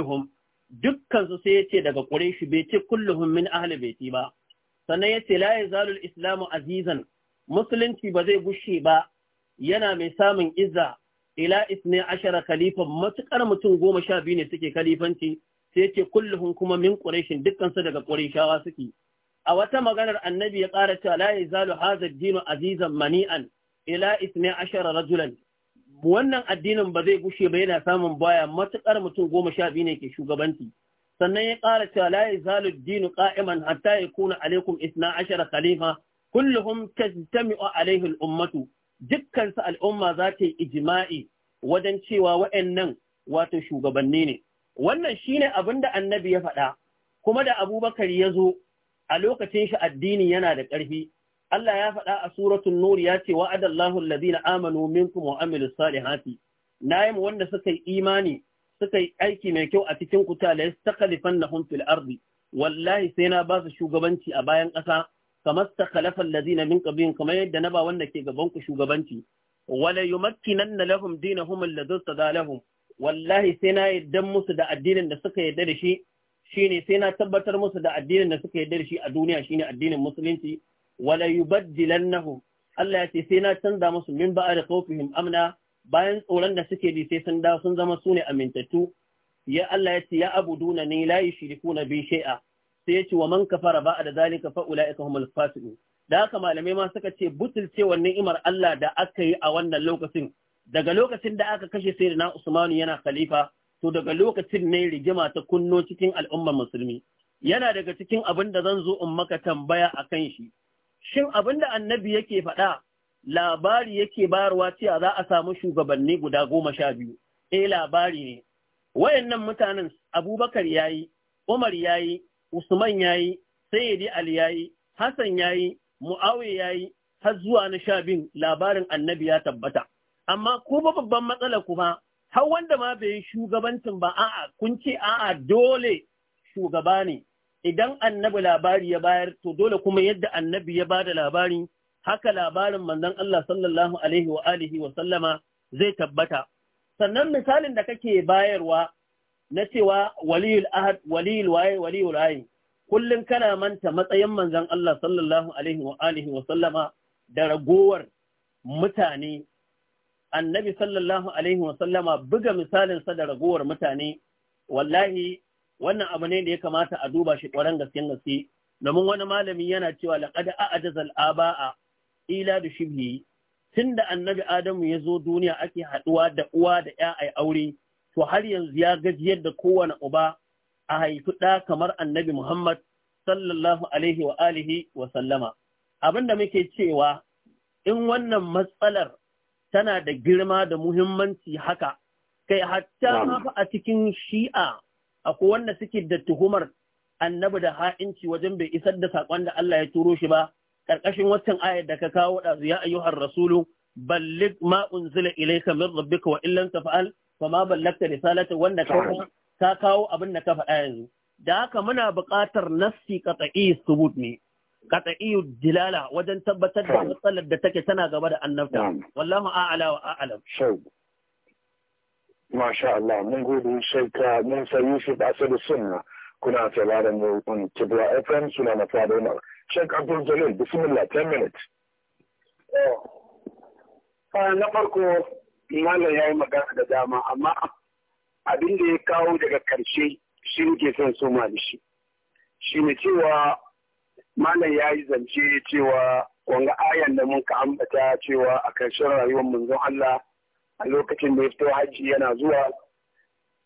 kulluhum dukkan su sai yace daga quraishi bai ce kulluhum min ahli baiti ba sannan yace la yazalu islamu azizan musulunci ba zai gushe ba yana mai samun izza ila isne ashara khalifan matukar mutum goma sha biyu ne suke khalifanci sai yace kulluhum kuma min quraishin dukkan su daga quraishawa suke a wata maganar annabi ya ƙara cewa la yazalu hadha ad-dinu azizan mani'an ila isne ashara rajulan wannan addinin ba zai gushe ba yana samun baya matuƙar mutum goma sha biyu ne ke shugabanci sannan ya ƙara cewa la yazalu dinu qa'iman hatta yakuna alaikum isna ashara khalifa kulluhum tajtami'u alaihi ummatu dukkan su al'umma za ta yi ijma'i wajen cewa wa'annan wato shugabanni ne wannan shine abin da annabi ya faɗa kuma da abubakar ya zo a lokacin shi addini yana da ƙarfi Allah ya faɗa a suratul Nur ya ce wa'ada Allahu alladhina amanu minkum wa amilus salihati nayim wanda suka yi imani suka yi aiki mai kyau a cikin kuta ta la yastakhlifannahum fil ardi wallahi sai na ba su shugabanci a bayan ƙasa kamar takhalafal ladina min qablihim kamar yadda na ba wanda ke gaban ku shugabanci wala yumakkinanna lahum dinahum alladhi lahu? wallahi sai na yaddan musu da addinin da suka yadda da shi shine sai na tabbatar musu da addinin da suka yadda da shi a duniya shine addinin musulunci wala yubaddilannahum Allah ya ce sai na canza musu min ba'a da khawfihim amna bayan tsoron da suke ji sai sun da sun zama su ne amintattu ya Allah ya ce ya abuduna ni la yushrikuna bi shay'a sai ya ce wa man kafara ba'a da zalika fa ulaika humul fasiqun da haka malamai ma suka ce butulce wannan imar Allah da aka yi a wannan lokacin daga lokacin da aka kashe sayyidina Usmanu yana khalifa to daga lokacin ne rigima ta kunno cikin al'ummar musulmi yana daga cikin abin da zan zo in maka tambaya akan shi shin abin da annabi yake faɗa labari yake bayarwa cewa za a samu shugabanni guda goma sha biyu, eh labari ne, wayannan mutanen abubakar ya yi, Umar ya yi, Usman ya yi, Sayyidi Ali ya yi, Hassan ya yi, Mu'awiya ya yi, har zuwa na sha biyun labarin annabi ya tabbata. Amma ko ba babban matsala kuma, har wanda ma bai yi shugabancin ba a'a kun ce a'a dole shugaba ne, idan annabi labari ya bayar to dole kuma yadda annabi ya bada labari haka labarin manzon Allah sallallahu alaihi wa alihi wa sallama zai tabbata sannan misalin da kake bayarwa na cewa waliyul ahad waliyul waye waliyul ayi kullun kana manta matsayin manzon Allah sallallahu alaihi wa alihi wa sallama da ragowar mutane annabi sallallahu alaihi wa sallama buga misalin sa da ragowar mutane wallahi wannan abu ne da ya kamata a duba shi ƙwaran gaske gaske domin wani malami yana cewa laqad a'jazal aba'a ila da shibhi tunda annabi adamu ya zo duniya ake haɗuwa da uwa da ƴa ai aure to har yanzu ya gajiyar da kowane uba a haifi ɗa kamar annabi Muhammad sallallahu alaihi wa alihi wa sallama. Abin da muke cewa in wannan matsalar tana da girma da muhimmanci haka, kai hatta a cikin shi'a akwai wanda suke da tuhumar annabi da ha'inci wajen bai isar da saƙon da Allah ya turo shi ba ƙarƙashin waccan ayar da ka kawo ɗazu ya ayyuhar rasulu ballig ma unzila ilayka min rabbika wa illam taf'al fa ma ballagta risalata wanda ka ka kawo abin da ka faɗa yanzu da haka muna buƙatar nafsi qat'i subut ne qat'i dilala wajen tabbatar da matsalar da take tana gaba da annabta wallahu a'ala wa a'lam Masha Allah, mun gode shaika mun san Yusuf Asadu Sunna kuna sauraron mu on Kibra FM suna na Fado Umar. Sheikh Abdul Jalil, bismillah 10 minutes. Oh. Ah, na farko malam ya yi magana da dama amma abin da ya kawo daga karshe shi ne son so ma shi. Shi ne cewa malam ya yi zance cewa wanga ayan da mun ka ambata cewa a karshen rayuwar manzon Allah a lokacin da ya fito hajji yana zuwa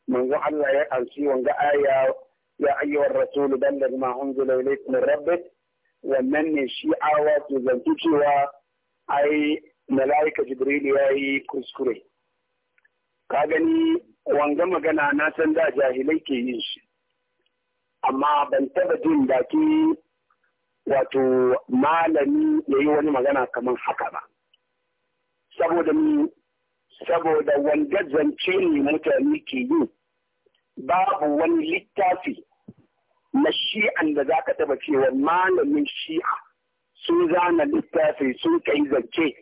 manzo Allah ya ansi wanga aya ya ayyuhar rasul balligh ma unzila ilayka min rabbik wannan ne shi awa ke zanci cewa ai malaika jibril ya yi kuskure ka gani wanga magana na san da jahilai ke yin shi amma ban taba jin da ke wato malami ya yi wani magana kamar haka ba saboda ni saboda wanda zance ne mutane ke yi babu wani littafi na shi'an da za ka taba cewa malamin shi'a sun zana littafi sun kai zance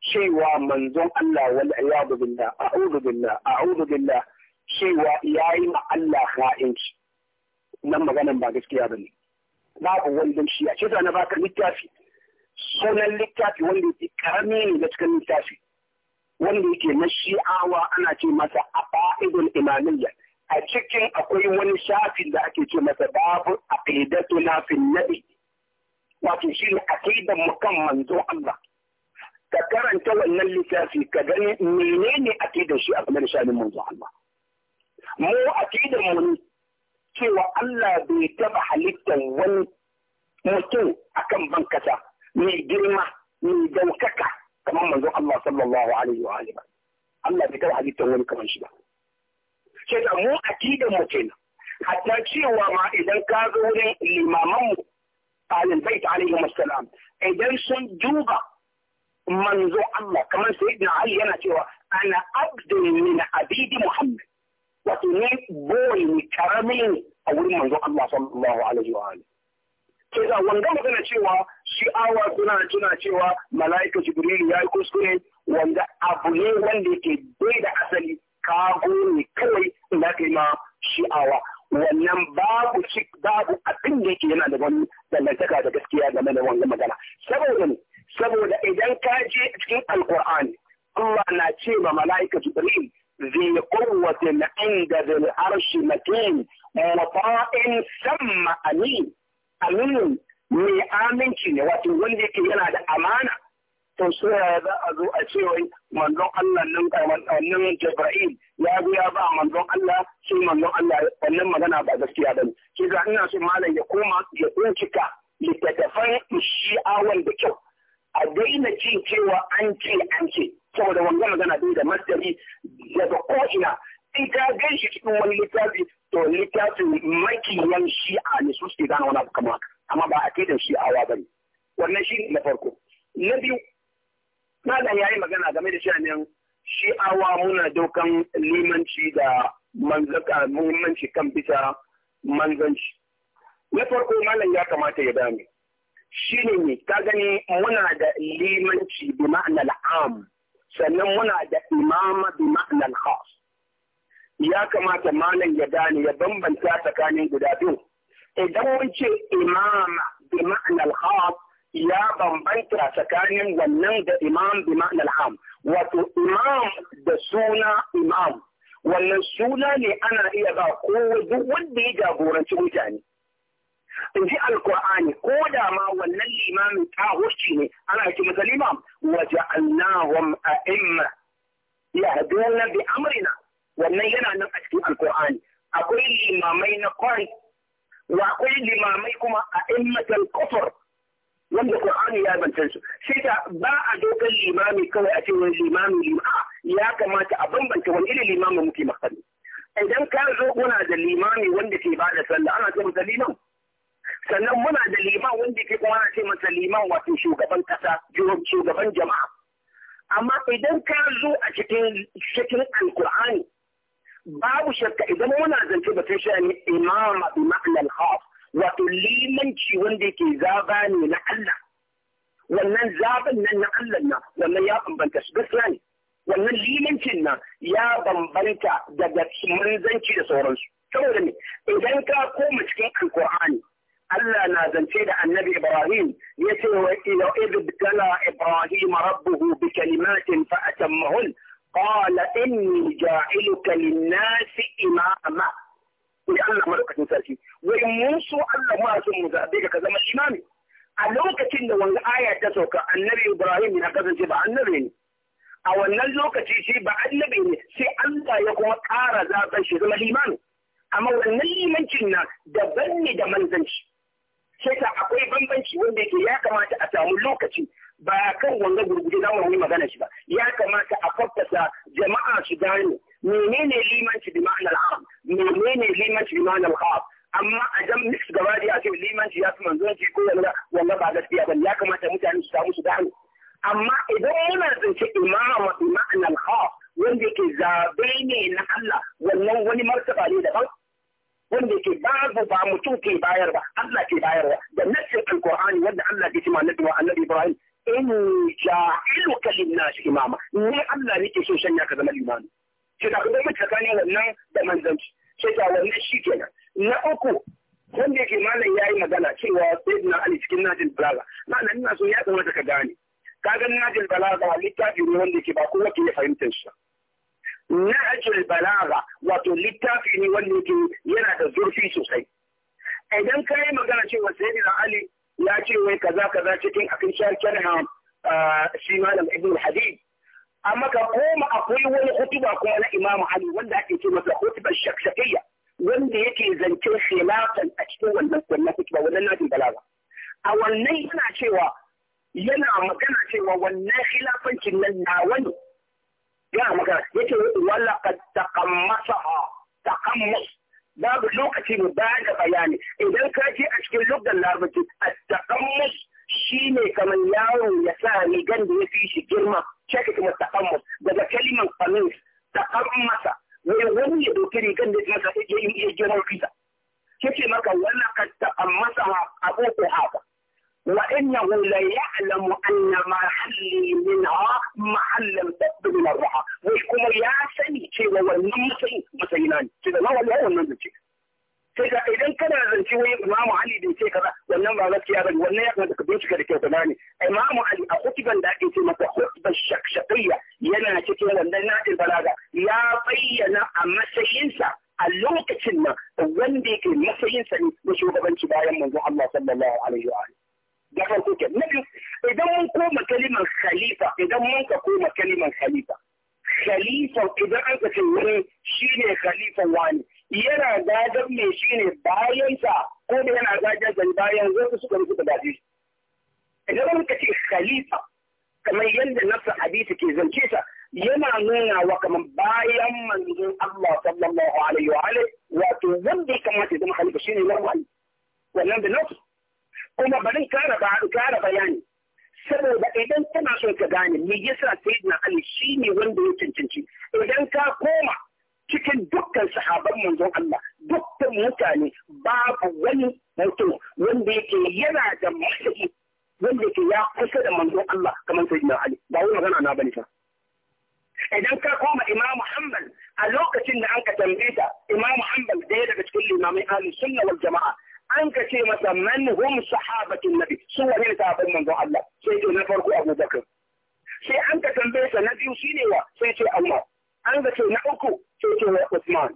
cewa manzon Allah wal a'yadu billah a'udhu billah a'udhu billah cewa yayi ma Allah ha'inci nan maganan ba gaskiya bane babu wani wanda shi'a ce na baka littafi sunan littafi wanda yake karami ne da cikin littafi wanda yake na shi'awa ana ce masa a fa'idun imamiyya a cikin akwai wani shafin da ake ce masa babu a kaidatu na nabi wato shi ne a kaidan mu kan manzo Allah ka karanta wannan littafi ka gani menene a kaidan shi a game da manzo Allah mu a kaidan mu ne cewa Allah bai taɓa halittar wani mutum akan bankasa mai girma mai daukaka kamar manzo Allah sallallahu alaihi wa alihi Allah bai taba halittar wani kamar shi ba sai da mu akidan mu kenan hatta cewa ma idan ka zo wurin limaman mu alin bait alaihi wassalam idan sun duba manzo Allah kamar sayyidina Ali yana cewa ana abdun min abidi Muhammad wato ni boy ni karami a wurin manzo Allah sallallahu alaihi wa alihi sai da wanda magana cewa shi'awa suna tuna cewa mala'ika jibrilu ya yi kuskure wanda abu ne wanda yake bai da asali kagone ne kawai da ka ma sha'awa wannan babu babu abin da yake yana da wani dangantaka da gaskiya game da wannan magana saboda ne saboda idan ka je cikin alkur'ani Allah na ce ma mala'ika jibril zai kowace na inda zai arshi matin mafa'in samma amin amin mai aminci ne wato wanda yake yana da amana to so za a zo a ce wai manzon Allah nan wannan Jibril ya zo ya ba manzon Allah shi manzon Allah wannan magana ba gaskiya ba ne shi ga ina so malam ya koma ya bincika littattafan shi'awan da kyau a daina cin cewa an ce an ce saboda wannan magana dai da masdari daga ko'ina in ka gan shi cikin wani littafi to littafin makiyan shi'a ne su suke gane wani abu kamar haka amma ba a da shi awa ba ne wannan shi na farko na biyu malam ya yi magana game da shi shi awa muna daukan limanci da manzaka muhimmanci kan bisa manzanci na farko malam ya kamata ya dame shi ne ka gani muna da limanci bi ma'anar am sannan muna da imama bi ma'anar khas ya kamata malam ya gane ya bambanta tsakanin guda biyu idan mun ce imama bi ma'anar khas ya bambanta tsakanin wannan da imam bi ma'anar ham wato imam da suna imam wannan suna ne ana iya ba ko duk wanda ya jagoranci mutane in ji alkur'ani ko da ma wannan limamin tahurci ne ana ce masa limam waje allahum a'imma yahduna bi amrina wannan yana nan a cikin alkur'ani akwai limamai na kwarai wa akwai limamai kuma a immatal kufur wanda Qur'ani ya bance su sai da ba a dokar limami kawai a ce wani limami lima ya kamata a bambanta wani irin limami muke makani idan ka zo muna da limami wanda ke ba da sallah ana ce masa liman sannan muna da liman wanda ke kuma ana ce masa liman wato shugaban kasa shugaban jama'a amma idan ka zo a cikin cikin alkur'ani babu shakka idan muna zance batun sha'ani imama bi ma'anar khas wato limanci wanda yake zaba ne na Allah wannan zaben nan na Allah na wannan ya bambanta su gaskiya ne wannan limancin nan ya bambanta daga manzanci da sauransu saboda ne idan ka koma cikin alkur'ani Allah na zance da annabi Ibrahim ya ce wa ila idh tala Ibrahim rabbuhu bi kalimatin fa atammahun qala inni ja'iluka lin-nasi imama ko Allah madaukakin sarki wai mun so Allah ma so mu zabe ka zama imami a lokacin da wani aya ta sauka annabi Ibrahim na kasance ba annabi ne a wannan lokaci shi ba annabi ne sai Allah ya kuma ƙara zaɓen shi zama limami amma wannan limancin na daban ne da manzanci sai ta akwai bambanci wanda yake ya kamata a samu lokaci ba a kan wanga gurguje za mu yi magana shi ba ya kamata a fassasa jama'a su gane menene limanci bi ma'anar arab menene limanci bi ma'anar arab amma a jan mix gaba da ya ce limanci ya fi manzonci ko yanga wanga ba gaskiya ba ya kamata mutane su samu su gane amma idan muna zance imama bi ma'anar arab wanda yake zabe ne na Allah wannan wani martaba ne daban wanda ke babu ba mutum ke bayar ba Allah ke bayarwa da nassin alqur'ani wanda Allah ya ce ma annabi Ibrahim inni ja'iluka lin-nas imama ni Allah ke so sanya ka zama limami sai da kuma tsakani tsakanin wannan da manzanci sai da wannan shi kenan na uku wanda yake malam yayi magana cewa sayyidina Ali cikin Najil Balaga malam ina so ya kamata ka gane kaga Najil Balaga littafi ne wanda yake ba kowa ke fahimtar shi Najil Balaga wato littafi ne wanda yake yana da zurfi sosai idan ka yi magana cewa sayyidina Ali لا شيء وين كذا كذا شيء أكيد شال كنها سيمان ابن الحديد أما كقوم أقول ولا خطبة قال إمام علي ولا أنت ما خطبة الشكشكية ولا أنت إذا أنت خلاف الأشياء ولا ولا خطبة ولا نادي بلاغة أو النهي أنا شيء ينا مكان شيء ولا خلاف أنت من ناوي يا مكان يتي ولا قد تقمصها تقمص babu lokaci mu ba da bayani idan ka je a cikin lugar larabci taƙammus shi shine kamar yaro ya sa ni ganda ya fi shi girma cikin kuma taƙammus daga kalimar famis taƙammasa wai wani ya doki gan da masa ya yi girma fita kace maka wannan ka taƙammasa a ko haka وإنه لا يعلم أن محلي منها محل بد من الرحى وش يا سني شيء هو النمسي مسيناني كذا ما هو هو النمسي كذا إذا كان زنتي وين إمام علي بن شيء كذا والنمى غسي هذا والنية كذا كبيش كذا كذا ثاني إمام علي أخطبا لكن في مثل خطبة الشكشقية ينا شكي والنية البلاغة يا طينا أما سينسى اللوكتشن وين بيك المسيين سني matsayinsa ne na منذ الله صلى الله عليه واله na farko ke na biyu idan mun koma kalimar khalifa idan mun ka koma kalimar khalifa khalifa idan an kace wani shine khalifa wani yana gadar mai shine bayansa ko da yana gadar da bayan wasu suka rufe da dadi idan mun kace khalifa kamar yadda nasa hadisi ke zance sa yana nuna wa kamar bayan manzon Allah sallallahu alaihi wa alihi wato wanda ya kamata ya zama khalifa shine lawan wannan da nasu kuma barin kara kara bayani saboda idan kana so ka gane me yasa sayyidina ali shine wanda ya cancanci idan ka koma cikin dukkan sahaban manzon Allah dukkan mutane babu wani mutum wanda yake yana da matsayi wanda yake ya kusa da manzon Allah kamar sayyidina ali ba wani magana na bane fa idan ka koma imam Muhammad a lokacin da an ka tambaye ta imam Muhammad daya daga cikin limamai ahli sunna wal jama'a an ka ce masa man hum sahabatun nabi su wani ne sahabban manzon Allah sai ce na farko Abu Bakar sai an ka tambaye sa na biyu shine wa sai ce Allah an ka ce na uku sai ce wa Usman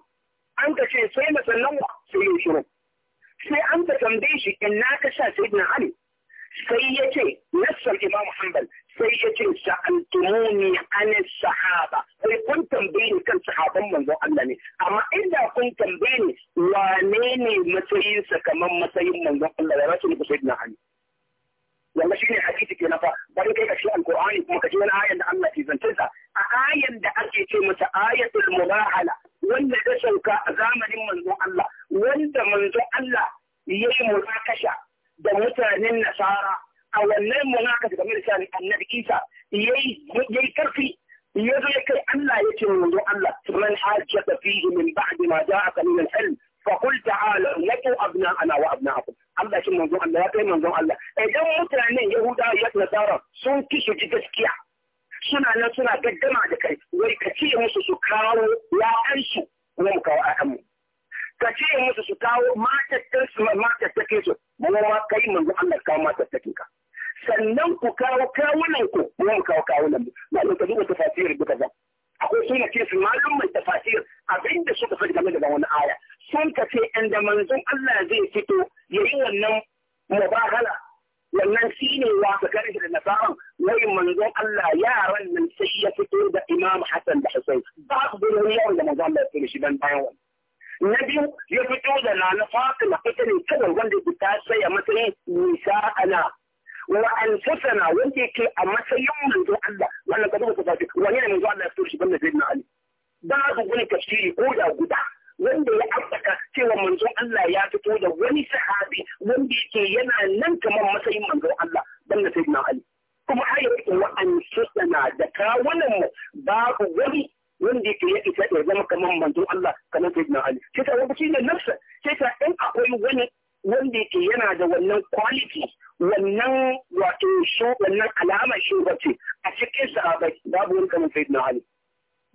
an ka ce sai na sannan wa sai ya shiru sai an ka tambaye shi in na ka sha sayyidina Ali sai ya ce nassar imamu hanbal sai ya ce sa'altumuni an sahaba sai kun tambaye ni kan sahaban manzon Allah ne amma inda kun tambaye ni wane ne matsayinsa kamar matsayin manzon Allah ya rasu ne ku sayyidina Ali wanda shi ne hadisi ke nafa bari kai ka shi alqur'ani kuma ka ji wani ayan da Allah ke zance sa a ayan da ake ce mata ayatul mubahala wanda ta sauka a zamanin manzon Allah wanda manzon Allah yayi mulakasha da mutanen nasara a wannan munaka game da shani annabi isa yayi karfi ya zo ya kai Allah ya ce wanzu Allah man hajjata fihi min ba'di ma ja'aka min al-ilm fa qul ta'ala natu abna'ana wa abna'akum Allah shi manzon Allah ya kai manzon Allah idan mutanen Yahuda ya nasara sun ki su ji gaskiya suna nan suna gaggama da kai wai ka ce musu su kawo ya'ansu wa mu kawo mu. ka ce musu su kawo matattakin su mu kai manzo Allah sannan ku kawo kawunan ku mu mu kawo kawunan mu wannan ka duba tafsir duka ba akwai suna ce su malum mai tafsir da suka faɗi game da wannan aya sun ka ce inda manzon Allah zai fito yayi wannan mubahala wannan shi ne wasa da nasaran wai manzon Allah yaran nan sai ya fito da Imam Hassan da Hussein ba su da yawan da manzon Allah ya fito shi dan bayan wannan na biyu ya fito da nana fatima ita ne kawai wanda ta sai matsayin nisa ana wa anfusana wanda yake a matsayin manzo Allah wannan ka duba ka wani ne manzo Allah ya fito shi banda sayyidina Ali dan haka gune tafsiri ko da guda wanda ya ambata cewa manzon Allah ya fito da wani sahabi wanda yake yana nan kamar matsayin manzon Allah banda sayyidina Ali kuma har yake wa anfusana da kawunan mu babu wani wanda yake ya isa ya zama kamar manzon Allah kamar sai na Ali sai ta wata shine nafsa sai ta in akwai wani wanda yake yana da wannan quality wannan wato shi wannan alama shi wace a cikin sahabai babu wani kamar sai na Ali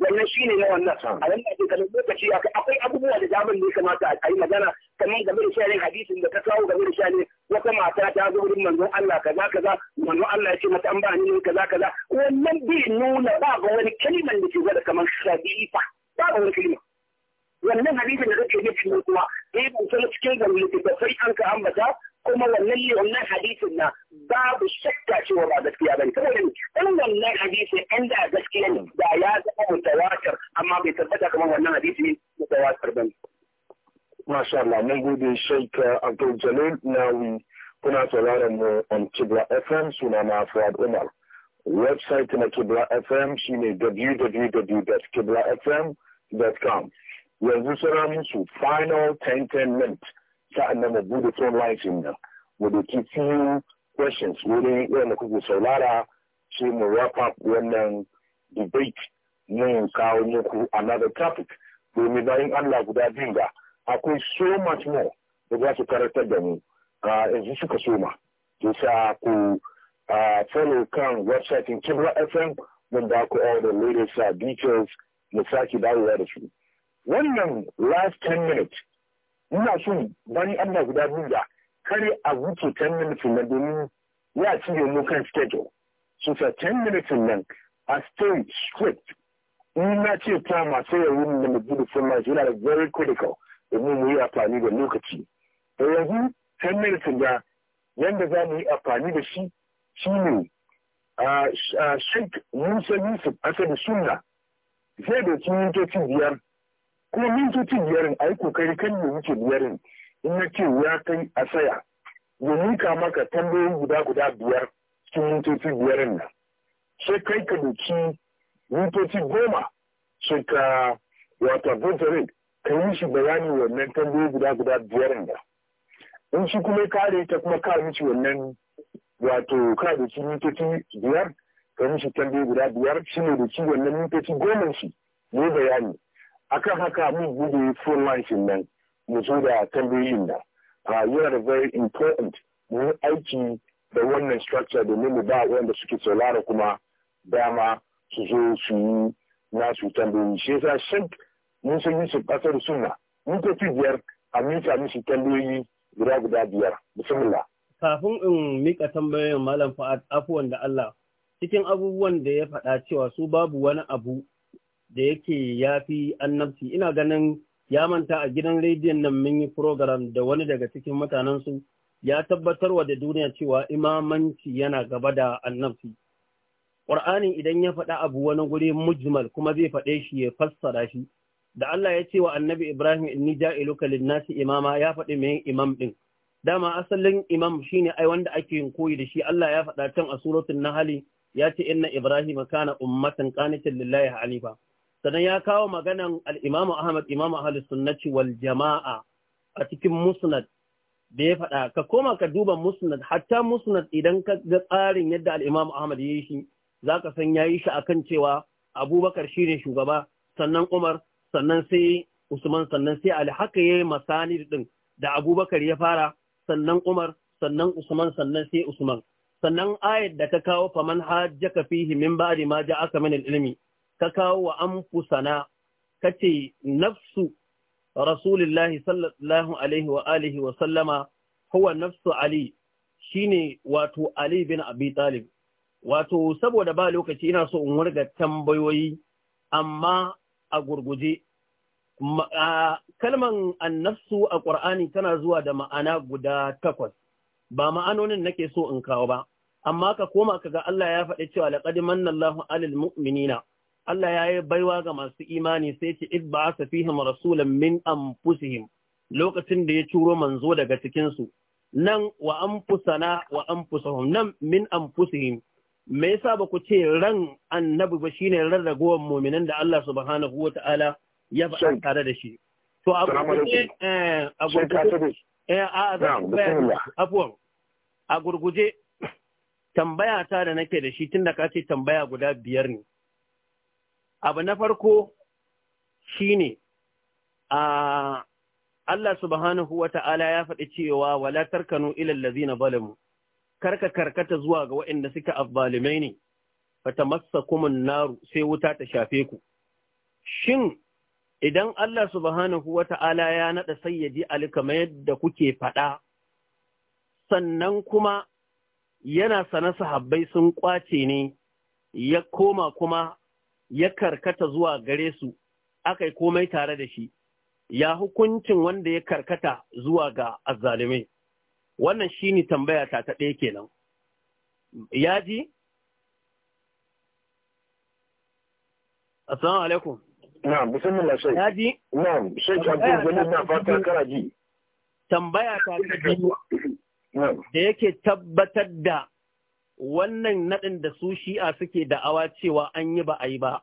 wannan shi ne na wannan a nan ake kalin lokaci akwai abubuwa da da ne kamata a yi magana kamar game da shanin hadisin da ta kawo game da shanin wata mata ta zo wurin manzon Allah kaza kaza manzon Allah ya ce mata an ba ni kaza kaza wannan bai nuna ba ga wani kalimar da ke gwada kamar shabi'i ba ga wani kalimar wannan hadisin da kake ji cikin kuwa eh ban san cikin da littattafai an ka ambata kuma wannan wannan hadisin na babu shakka cewa ba gaskiya bane saboda dan wannan hadisi an da gaskiya ne da ya zama mutawatir amma bai tabbata kamar wannan hadisi mutawatir bane Masha Allah, mun gode Sheikh Abdul Jalil Nawi kuna sauraron mu on Kibla FM suna na Fuad Umar. Website na Kibla FM shine www.kiblafm.com. yanzu suna musu final 10-10 mint sa'an nan mu buɗe phone lines din nan mu few questions wurin wanda kuke saurara sai mu wrap up wannan debate mun kawo muku another topic domin bayan Allah guda biyu ga akwai so much more da za su karantar da mu yanzu suka soma sa ku follow kan website in Kibra FM mun ba ku all the latest uh, details mu sake dawowa da su. wannan last 10 minutes ina son bani Allah guda biyu da kare a wuce 10 minutes na domin ya cire mu kan schedule so sa 10 minutes nan a stay strict in na ce ta masu yawon da mu gudu sun ma yana da very critical domin mu yi amfani da lokaci da yanzu 10 minutes da yanda za mu yi amfani da shi shine Sheikh Musa Yusuf Asadu Sunna zai da mintoci biyar kuma mintoci biyarin a yi kokari kan ya wuce biyarin in na ce ya kai a saya ya nika maka tambayoyi guda guda biyar cikin mintoci biyarin nan sai kai ka doki mintoci goma sai ka wata votering ka yi shi bayani wannan tambayoyi guda guda biyar da in shi kuma kare ta kuma ka mishi wannan wato ka doki mintoci biyar ka shi tambayoyi guda biyar shi ne doki wannan mintoci goma shi ne bayani akan haka mun gudu phone line nan mu zo da tambayoyin da ah, yana da very important mu aiki da wannan structure domin mu ba wanda suke saurara kuma dama su zo su yi nasu tambayoyi shi yasa shin mun san yusuf kasar sunna mun tafi biyar a mika musu tambayoyi guda guda biyar bismillah kafin in mika tambayoyin malam fa'ad afuwan da Allah cikin abubuwan da ya faɗa cewa su babu wani abu da yake ya fi annabci ina ganin ya manta a gidan rediyon nan mun yi program da wani daga cikin mutanensu ya tabbatar wa da duniya cewa imamanci yana gaba da annabci ƙur'ani idan ya faɗa abu wani guri mujmal kuma zai faɗe shi ya fassara shi da Allah ya ce wa annabi Ibrahim inni ja'iluka lin-nasi imama ya faɗi mai imam din dama asalin imam shine ai wanda ake yin koyi da shi Allah ya faɗa can a suratul nahl ya ce inna ibrahima kana ummatan qanitan lillahi hanifa sannan ya kawo maganan al'imamu Ahmad Imam ahalus sunnati wal jama'a a cikin musnad da ya faɗa ka koma ka duba musnad hatta musnad idan ka ga tsarin yadda al'imamu Ahmad ya yi shi za ka san ya yi shi akan cewa abubakar shi ne shugaba sannan umar sannan sai usman sannan sai ali haka ya yi masani ɗin da abubakar ya fara sannan umar sannan usman sannan sai usman sannan ayat da ka kawo faman hajjaka fihi min ba'di ma ja'aka min al-ilmi ka kawo wa ka ce nafsu rasulillahi sallallahu alaihi wa alihi wa sallama huwa nafsu ali shine wato ali bin abi talib wato saboda ba lokaci ina so in warga tambayoyi amma a gurguje kalman An-nafsu a ƙur'ani tana zuwa da ma'ana guda takwas ba ma'anonin nake so in kawo ba amma ka koma kaga Allah ya faɗi cewa laqad manna Allahu alal mu'minina Allah ya yi baiwa ga masu imani sai ce id ba asa fihim rasulan min anfusihim lokacin da ya curo manzo daga cikin su nan wa anfusana wa anfusahum nan min anfusihim me yasa ba ku ce ran annabi ba shine rarragowar mu'minan da Allah subhanahu wata'ala ya faɗa tare da shi to a gurguje eh, eh, a gurguje tambaya ta da nake da shi tun da ka ce tambaya guda biyar ne abu na farko shine a Allah subhanahu wa ta'ala ya faɗi cewa wala tarkanu ilal na zalamu karka karkata zuwa ga waɗanda suka abbalimai ne kumin naru sai wuta ta shafe ku shin idan Allah subhanahu wa ta'ala ya naɗa sayyadi ali kamar yadda kuke faɗa sannan kuma yana sana sahabbai sun ƙwace ne ya koma kuma ya karkata zuwa gare su aka yi komai tare da shi ya hukuncin wanda ya karkata zuwa ga azzalumai wannan shi ne tambaya ta ta ɗaya kenan ya ji assalamu alaikum musamman na shai ya ji na shai kan gani na fata kara ji tambaya ta ta biyu da yake tabbatar da wannan naɗin da su shi'a suke da'awa cewa an yi ba a yi ba,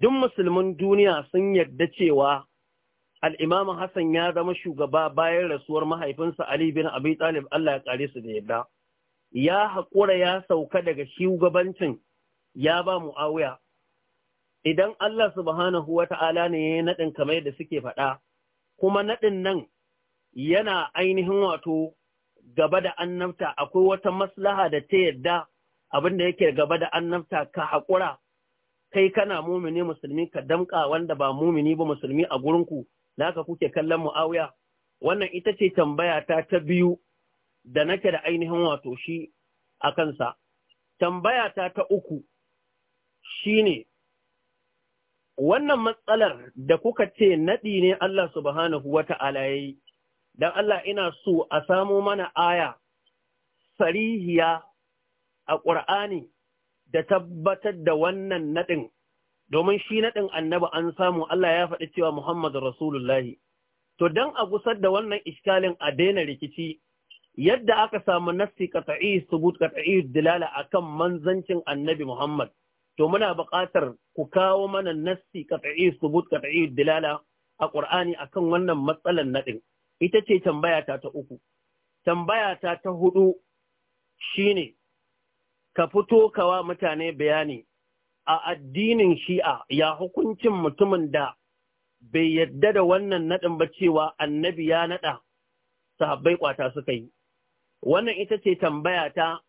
duk musulmin duniya sun yarda cewa al'imamu Hassan ya zama shugaba bayan rasuwar mahaifinsa Ali bin Abi Talib Allah ya ƙare su da yarda. Ya haƙura ya sauka daga shugabancin ya ba mu'awiya. Idan Allah subhanahu wa ta'ala ne ya yi naɗin kamar yadda suke faɗa, kuma naɗin nan yana ainihin wato gaba da annabta akwai wata maslaha da ta yarda abin da yake gaba da annabta ka haƙura kai kana mumini musulmi ka damƙa wanda ba mumini ba musulmi a gurinku da haka kuke kallon mu'awiya wannan ita ce tambaya ta ta biyu da nake da ainihin wato shi a kansa tambaya ta ta uku shine wannan matsalar da kuka ce naɗi ne Allah subhanahu wa ta'ala ya yi dan Allah ina so a samo mana aya sarihiya a ƙur'ani da tabbatar da wannan naɗin domin shi naɗin annabi an samu Allah ya faɗi cewa Muhammadu Rasulullahi. To don a gusar da wannan iskalin a daina rikici yadda aka samu nassi qat'i subut qat'i dilala akan manzancin annabi Muhammad to muna buƙatar ku kawo mana nassi qat'i subut qat'i dilala a Qur'ani akan wannan matsalan naɗin. ita ce tambayata ta uku tambayata ta hudu ne, ka fito kawa mutane bayani a addinin shi'a ya hukuncin mutumin da bai yarda da wannan naɗin ba cewa annabi ya naɗa sahabbai kwata suka yi wannan ita ce tambayata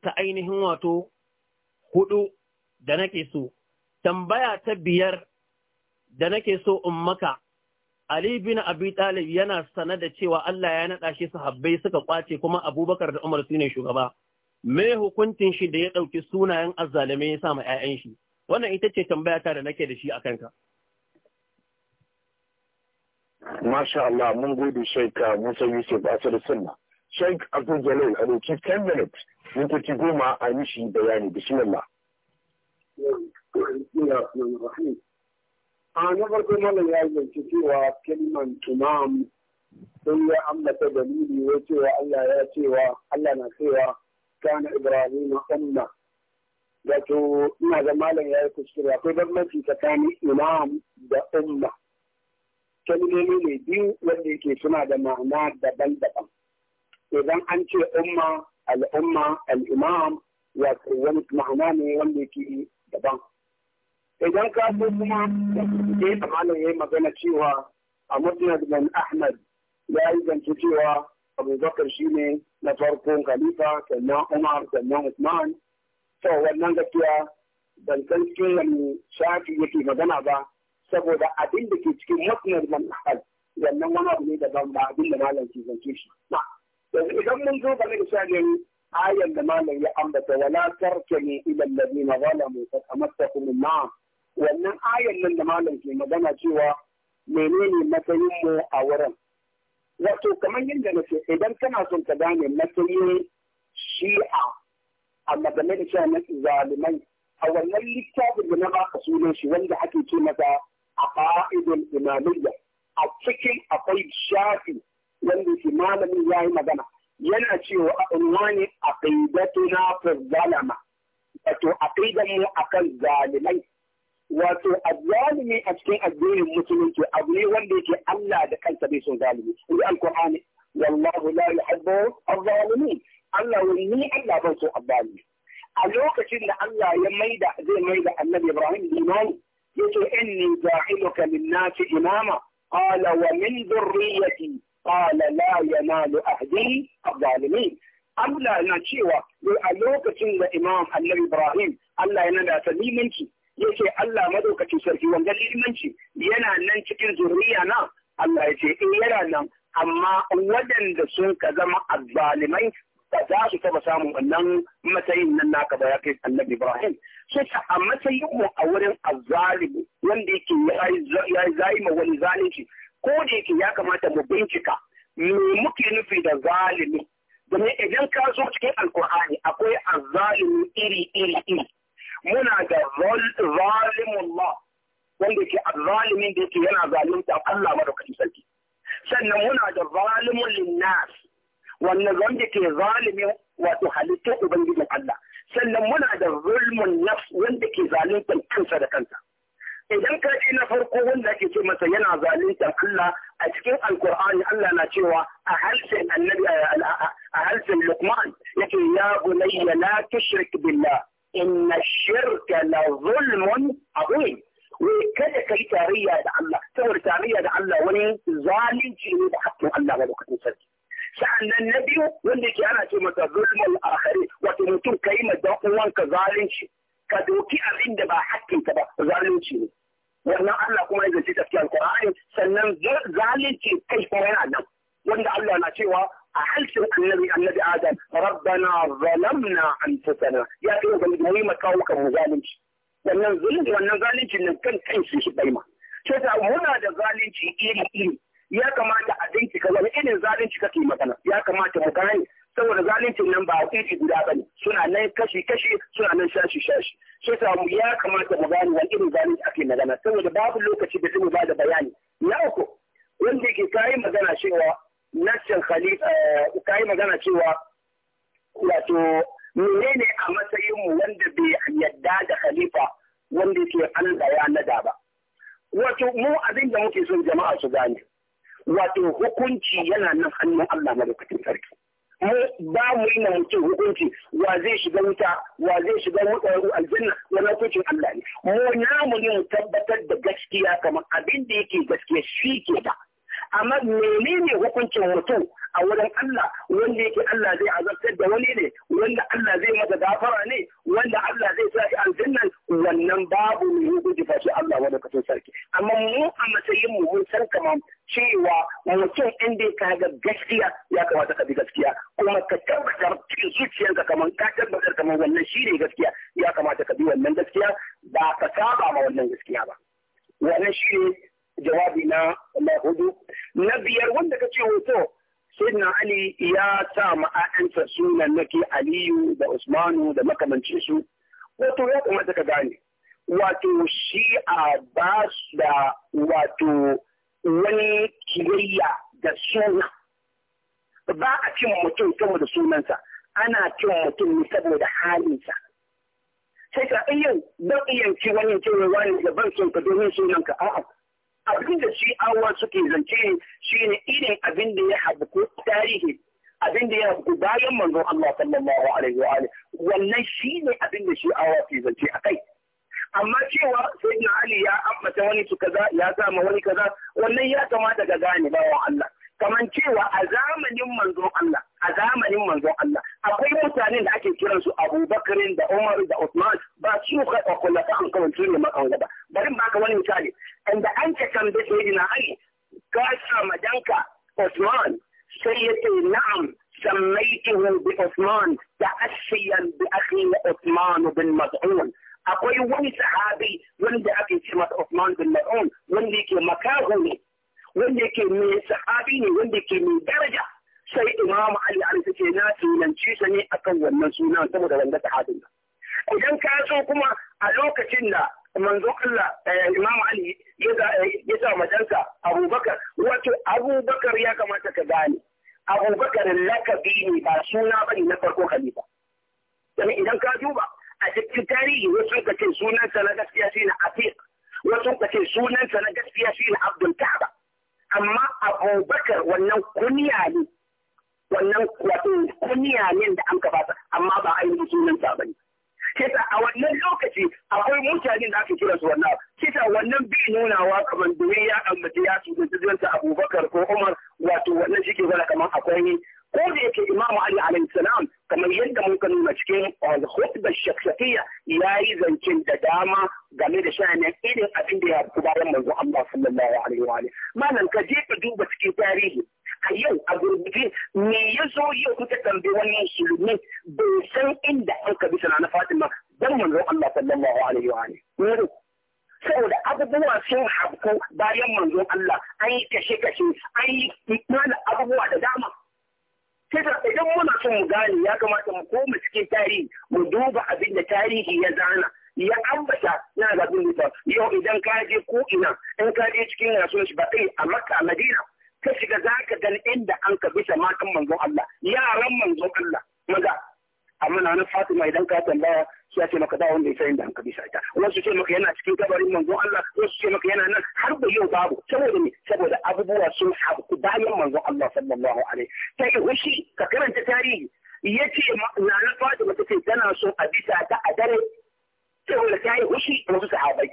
ta ainihin wato hudu da nake so tambaya ta biyar da nake so in maka Ali bin Abi Talib yana sanar da cewa Allah ya naɗa shi sahabbai suka kwace kuma Abubakar da Umar su ne shugaba. Me hukuncin shi da ya ɗauki sunayen azzalumai ya sa ma 'ya'yan shi? Wannan ita ce tambaya ta da nake da shi a kanka. Masha Allah mun gode Sheikh Musa Yusuf Asir Sunna. Sheikh Abdul Jalil a roki 10 minutes mintoci goma a mishi bayani bismillah. أنا أقول لك أن أنا أقول لك أن أنا أقول لك أن أنا أقول لك أن الله أقول كان إبراهيم أمة أنا أقول لك أن أنا أقول لك أن أنا أقول لك أن أنا أقول لك أن أنا أقول لك أن أنا أقول لك أن أنا أقول لك أن أنا أقول لك أن أنا أقول لك أن أنا idan ka so kuma da ya malam ya magana cewa a musnad bin ahmad ya yi zance cewa abubakar shi ne na farkon khalifa sannan umar sannan usman to wannan gaskiya ban san cikin wani shafi yake magana ba saboda abin da ke cikin musnad bin ahmad wannan wani abu ne daban ba abin da malam ke zance shi yanzu idan mun zo ga da shafin ayan da malam ya ambata wala tarkani ila alladhina zalamu fa tamattakum ma'a wannan ayan nan da malam ke magana cewa menene matsayin mu a wurin wato kamar yadda na ce idan kana son ka gane matsayin shi'a a game da cewa na zalumai. a wannan littafin da na baka sunan shi wanda ake ce masa a fa'idul imamiyya a cikin akwai shafi wanda shi malamin ya yi magana yana cewa a unwani a kaidatuna fi zalama wato a kaidan mu akan zalimai wato azzalimi a cikin addinin musulunci abu ne wanda yake Allah da kansa bai son zalimi in alqur'ani wallahu la yuhibbu az-zalimin Allah wani Allah ban so azzalimi a lokacin da Allah ya maida zai maida annabi Ibrahim imani yace inni ja'iluka lin-nasi imama qala wa min dhurriyyati qala la yanalu ahdi az-zalimin Allah yana cewa a lokacin da Imam Annabi Ibrahim Allah yana da talimanci yace Allah madaukacin sarki wanda limanci yana nan cikin zuriya na Allah yace in eh, yana nan amma waɗanda sun ka zama azzalimai ba za su taɓa samun wannan matsayin nan naka ba ya kai annabi Ibrahim. Saka a matsayin mu a wurin azzalimi wanda yake ya zai ma wani zalunci ko da yake ya kamata mu bincika me muke nufi da zalimi domin idan ka zo cikin alkur'ani akwai azzalimi iri iri iri muna da zalimullah wanda ke azzalimin da yake yana zalunta Allah madaukakin sarki sannan muna da zalimun linnas wanda wanda ke zalimin wato halittun ubangijin Allah sannan muna da zulmun nafs wanda ke zalunta kansa da kansa idan ka ce na farko wanda ake ce masa yana zaluntar Allah a cikin alkur'ani Allah na cewa a halsin annabi a halsin luqman yake ya bunayya la tushrik billah inna shirka la zulmun azim wai kada ka yi tarayya da Allah saboda tarayya da Allah wani zalunci ne da hakkin Allah ba lokacin sarki sa'annan na biyu wanda yake ana ce masa zulmul akhari wato mutum ka yi ma dan uwanka zalunci ka doki abin da ba hakkinka ba zalunci ne wannan Allah kuma ya zaci gaskiya alqur'ani sannan zalunci kai kuma yana wanda Allah na cewa a halkin annabi annabi adam rabbana zalamna anfusana ya kai ubangiji mu yi makawo kan zalunci wannan zulmi wannan zalunci nan kan kan shi shi baima ce ta muna da zalunci iri iri ya kamata a bincika wani irin zalunci kake magana ya kamata mu gane saboda zaluncin nan ba iri guda ba ne suna nan kashi kashi suna nan shashi shashi sai mu ya kamata mu gane wani irin zalunci ake magana saboda babu lokaci da zai ba da bayani na uku wanda ke kayi magana cewa nassin khalifa eh, ka yi magana cewa wato menene a matsayinmu wanda bai yadda da khalifa wanda ke Allah ya nada ba wato mu abin da muke son jama'a su gane wato hukunci yana nan hannun Allah lokacin sarki mu ba mu yi mutum hukunci wa zai shiga wuta wa zai shiga wuta wa aljanna wani hukuncin Allah ne mu namu ne mu tabbatar da gaskiya kamar abin da yake gaskiya shi ke da amma menene hukuncin mutum a wurin Allah wanda yake Allah zai azabtar da wani ne wanda Allah zai masa gafara ne wanda Allah zai sa shi aljannan wannan babu ne ya guji fashi Allah wanda ka sarki amma mu a matsayin mu mun san kamar cewa mutum in dai ka ga gaskiya ya kamata ka bi gaskiya kuma ka tabbatar cikin zuciyarka kamar ka tabbatar kamar wannan shi ne gaskiya ya kamata ka bi wannan gaskiya ba ka saba ma wannan gaskiya ba wannan shi ne jawabi na hudu na biyar wanda ka ce hoto na Ali ya sa ma'a'ansa sunan nake Aliyu da Usmanu da makamancin su wato ya kamata ka gane wato shi'a ba su da wato wani kiyayya da suna ba a cin mutum saboda sunansa ana cin mutum ne saboda halinsa sai ka iya don iya wani cewa wani da ban son ka domin sunanka a'a abin da shi awa suke zance shi ne irin abin da ya habku tarihi abin da ya habku bayan manzon Allah sallallahu alaihi wa wannan shi ne abin da shi awa suke zance a kai amma cewa sai Ali ya ambata wani su kaza ya sama wani kaza wannan ya kamata ga gane bawan Allah kamar cewa a zamanin manzon Allah a zamanin manzon Allah akwai mutanen da ake kiran su Abu Bakr da Umar da Uthman ba su ka kula ta an kawai ne makan ba. bari ba ka wani misali Inda an ka tambaye Sayyidina Ali, ka sa madanka Osman sai ya ce na'am sammaituhu bi Osman da ashiyan bi akhi Osman bin Mas'ud. Akwai wani sahabi wanda ake ce masa Osman bin Mas'ud wanda yake makaho ne, wanda yake mai sahabi ne wanda yake mai daraja. Sai Imam Ali Arfi ce na tunanci sa ne akan wannan sunan saboda wanda sahabin. Idan ka so kuma a lokacin da manzo Allah eh, Imam Ali ya eh, sa matansa Abubakar wato Abubakar ya kamata ka gane Abubakar lakabi ne ba suna ba ne na farko khalifa dan idan ka duba a cikin tarihi wasu ka ce sunansa na gaskiya shine Atiq wasu ka ce sunansa na gaskiya shine Abdul Kaaba amma Abubakar wannan kunya ne wannan wato kunya ne da an ka basa amma ba ainihin sunansa bane Kisa a wannan lokaci akwai mutane da aka kira su wannan. Kisa wannan bi nunawa kamar domin ya ambaci ya su Abubakar ko Umar wato wannan shi ke zana kamar akwai ko da yake imamu ali alayhi salam kamar yadda muka nuna cikin al-khutbah uh, shakhsiyya yayi zancen da dama game da sha'anin irin abin da ya fi bayan manzo Allah sallallahu alaihi wa alihi malam ka je ka duba cikin tarihi a yau a gurguje me ya zo yau kuka tambi wannan shirme bai san inda an ka bisa na Fatima dan manzo Allah sallallahu alaihi wa alihi saboda abubuwa sun habku bayan manzo Allah an yi kashe kashe an yi mana abubuwa da dama sai idan muna son mu gane ya kamata mu koma cikin tarihi mu duba abin da tarihi ya zana ya ambata na zaɓin wuta yau idan ka je ko ina in ka je cikin yasun shi ba a makka madina ka shiga za ka gani inda an ka bisa matan manzon Allah yaran manzon Allah maza amma na wani Fatima idan ka tambaya su ya ce maka da wanda ya inda an ka bisa ita wasu ce maka yana cikin kabarin manzon Allah wasu ce maka yana nan har da yau babu saboda me saboda abubuwa sun haɓu bayan manzon Allah sallallahu alaihi ta ihushi ka karanta tarihi yace na na Fatima ta ce tana so a bisa ta a dare saboda ta yi hushi wasu sahabai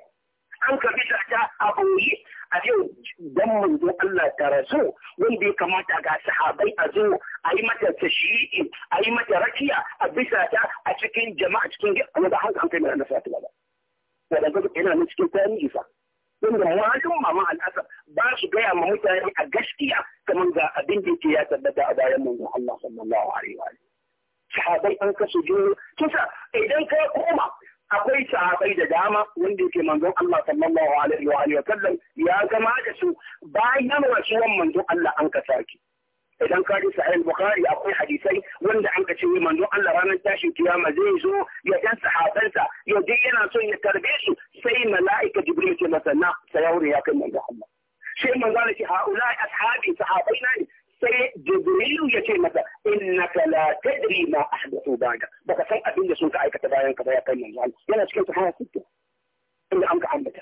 an ka bisa ta a ɓoye a yau don manzo Allah ta rasu wanda ya kamata ga sahabai a zo a yi mata tashiri a yi mata rakiya a bisa ta a cikin jama'a cikin gida da hanka hankali na nasa ta gaba wanda ga yana nan cikin tarihi fa wanda malum mama al'asar ba su gaya ma mutane a gaskiya kamar ga abin da yake ya tabbata a bayan manzo Allah sallallahu alaihi wa sahabai an kasu jini kisa idan ka koma akwai sahabai da dama wanda yake manzon Allah sallallahu alaihi wa alihi ya gama da su bayan rasuwan manzon Allah an ka saki idan ka ji sahih bukhari akwai hadisai wanda an ka ce manzon Allah ranar tashin kiyama zai zo ya san sahabansa ya je yana son ya tarbe su sai mala'ika jibril ke masa na sayaure ya kai manzon Allah sai manzon Allah ce haula ashabi sahabai na ne sai jibrilu ya ce masa innaka la tadri ma ahdathu ba'da baka san abin da sun ka aikata bayan ka ba ya kai manzo Allah yana cikin sahaya sittin inda an ka ambata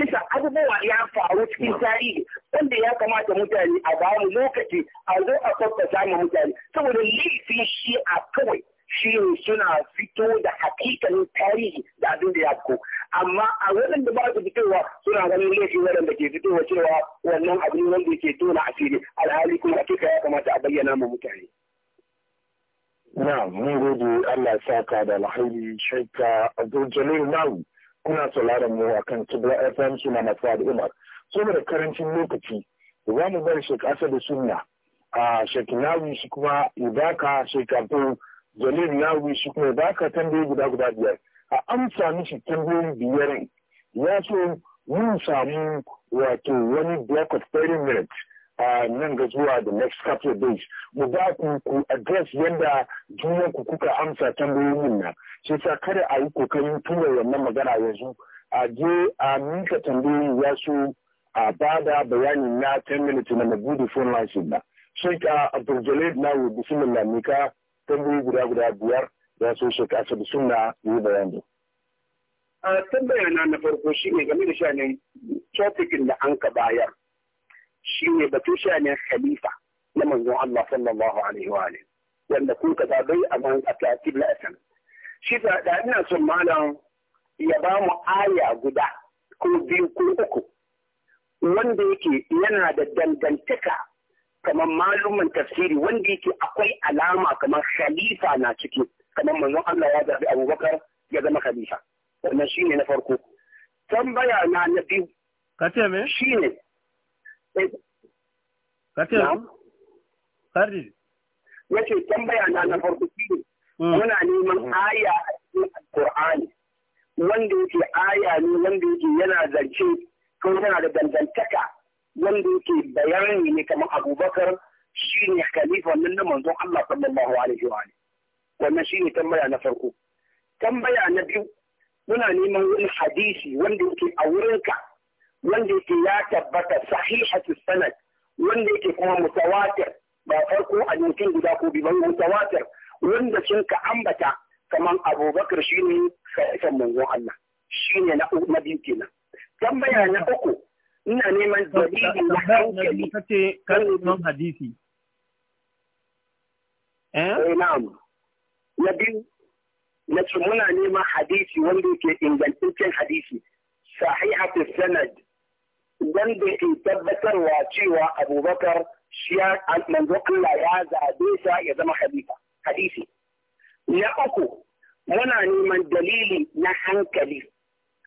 kisa abubuwa ya faru cikin tarihi wanda ya kamata mutane a ba mu lokaci a zo a tabbata mu mutane saboda laifin shi a kawai shi suna fito da hakikalin tarihi da abin da ya ko amma a waɗanda ba su fitowa suna ganin laifin waɗanda ke fitowa cewa wannan abin wanda ke tona asiri alhali kuma hakika ya kamata a bayyana ma mutane. na mun gode Allah saka da alhairi shaika Abdul Jalil Nawi kuna sauraron mu akan Kibra FM suna na Fuad Umar saboda karancin lokaci za mu bar Sheikh da Sunna a shaki Nawi shi kuma Ibaka Sheikh Jalil Nawi shi kuma Ibaka tambaye guda guda biyar a amsa mishi tambayoyin biyar ya so mun samu wato wani block of 30 minutes a nan ga zuwa the next couple of days mu ba ku address yadda junan ku kuka amsa tambayoyin nan shi sa kada a yi kokarin tura wannan magana yanzu a je a mika tambayoyin ya so a bada bayani na 10 minutes na magudu phone line shi na sai ka abdul na bismillah mika tambayoyi guda guda biyar da su shi kasu da suna yi bayani. A tambayana na farko shi ne game da shanin topikin da an ka bayar shi ne batu shanin khalifa na manzon Allah sallallahu alaihi wa wanda kun ka zabai a man a tafi na Shi da ina son malam ya ba mu aya guda ko biyu ko uku wanda yake yana da dangantaka kamar malumin tafsiri wanda yake akwai alama kamar khalifa na cikin kamar manzon Allah ya zaɓi Abubakar ya zama khalifa wannan shine na farko tambaya na na biyu ka ce me shine eh, ka ce Kardi ce tambaya na na farko shine mm. muna neman mm. aya a cikin Qur'ani wanda yake aya ne wanda yake yana zance ko yana da dangantaka wanda yake bayani ne kamar Abubakar shine khalifa wannan na manzon Allah sallallahu alaihi wa wannan shi ne tambaya na farko tambaya na biyu muna neman wani hadisi wanda yake a wurinka wanda yake ya tabbata sahihatu sanad wanda yake kuma mutawatir ba farko a yankin guda ko biyu ba mutawatir wanda sun ka ambata kaman abubakar shi ne sa'isan mungon Allah shi ne na biyu kenan tambaya na uku ina neman dalili na hankali kan hadisi eh, eh na'am na biyu na ce muna neman hadisi wanda yake ingantaccen hadisi sahihatu sanad wanda ke tabbatarwa cewa abubakar shi ya manzo Allah ya zabe sa ya zama khalifa hadisi na uku muna neman dalili na hankali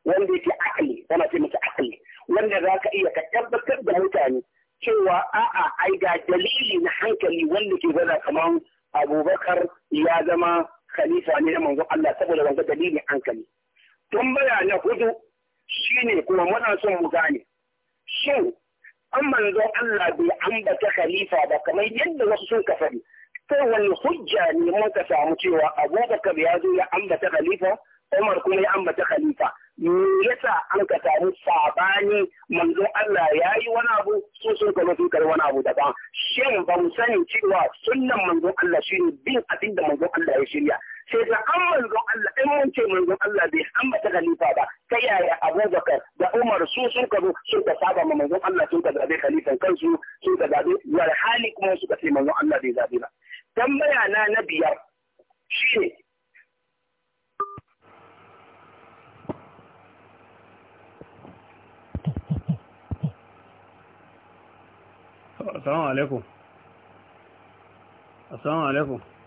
wanda yake akali wanda ce akali wanda za ka iya ka tabbatar da mutane cewa a'a ai ga dalili na hankali wanda ke gwada kamar abubakar ya zama khalifa ne na manzon Allah saboda wanga dalilin hankali Tun tambaya na hudu shine kuma muna son mu gane shin an manzon Allah bai ambata khalifa ba kamar yadda wasu sun ka sai wani hujja ne muka samu cewa abubakar ya zo ya ambata khalifa Umar kuma ya ambata khalifa me yasa an ka tare sabani manzo Allah ya yi wani abu su sun kama sun kari wani abu daban shin ba mu sani cewa sunnan manzo Allah shine bin abin da manzo Allah ya shirya sai da an manzo Allah in mun ce manzo Allah bai ambata khalifa ba ta yaya Abubakar da Umar su sun karo sun ka saba ma manzo Allah sun ka zabe khalifan kansu sun ka zabe wal hali kuma suka ce manzo Allah bai zabe ba tambaya na na biyar shine Assalamu alaikum. Assalamu alaikum.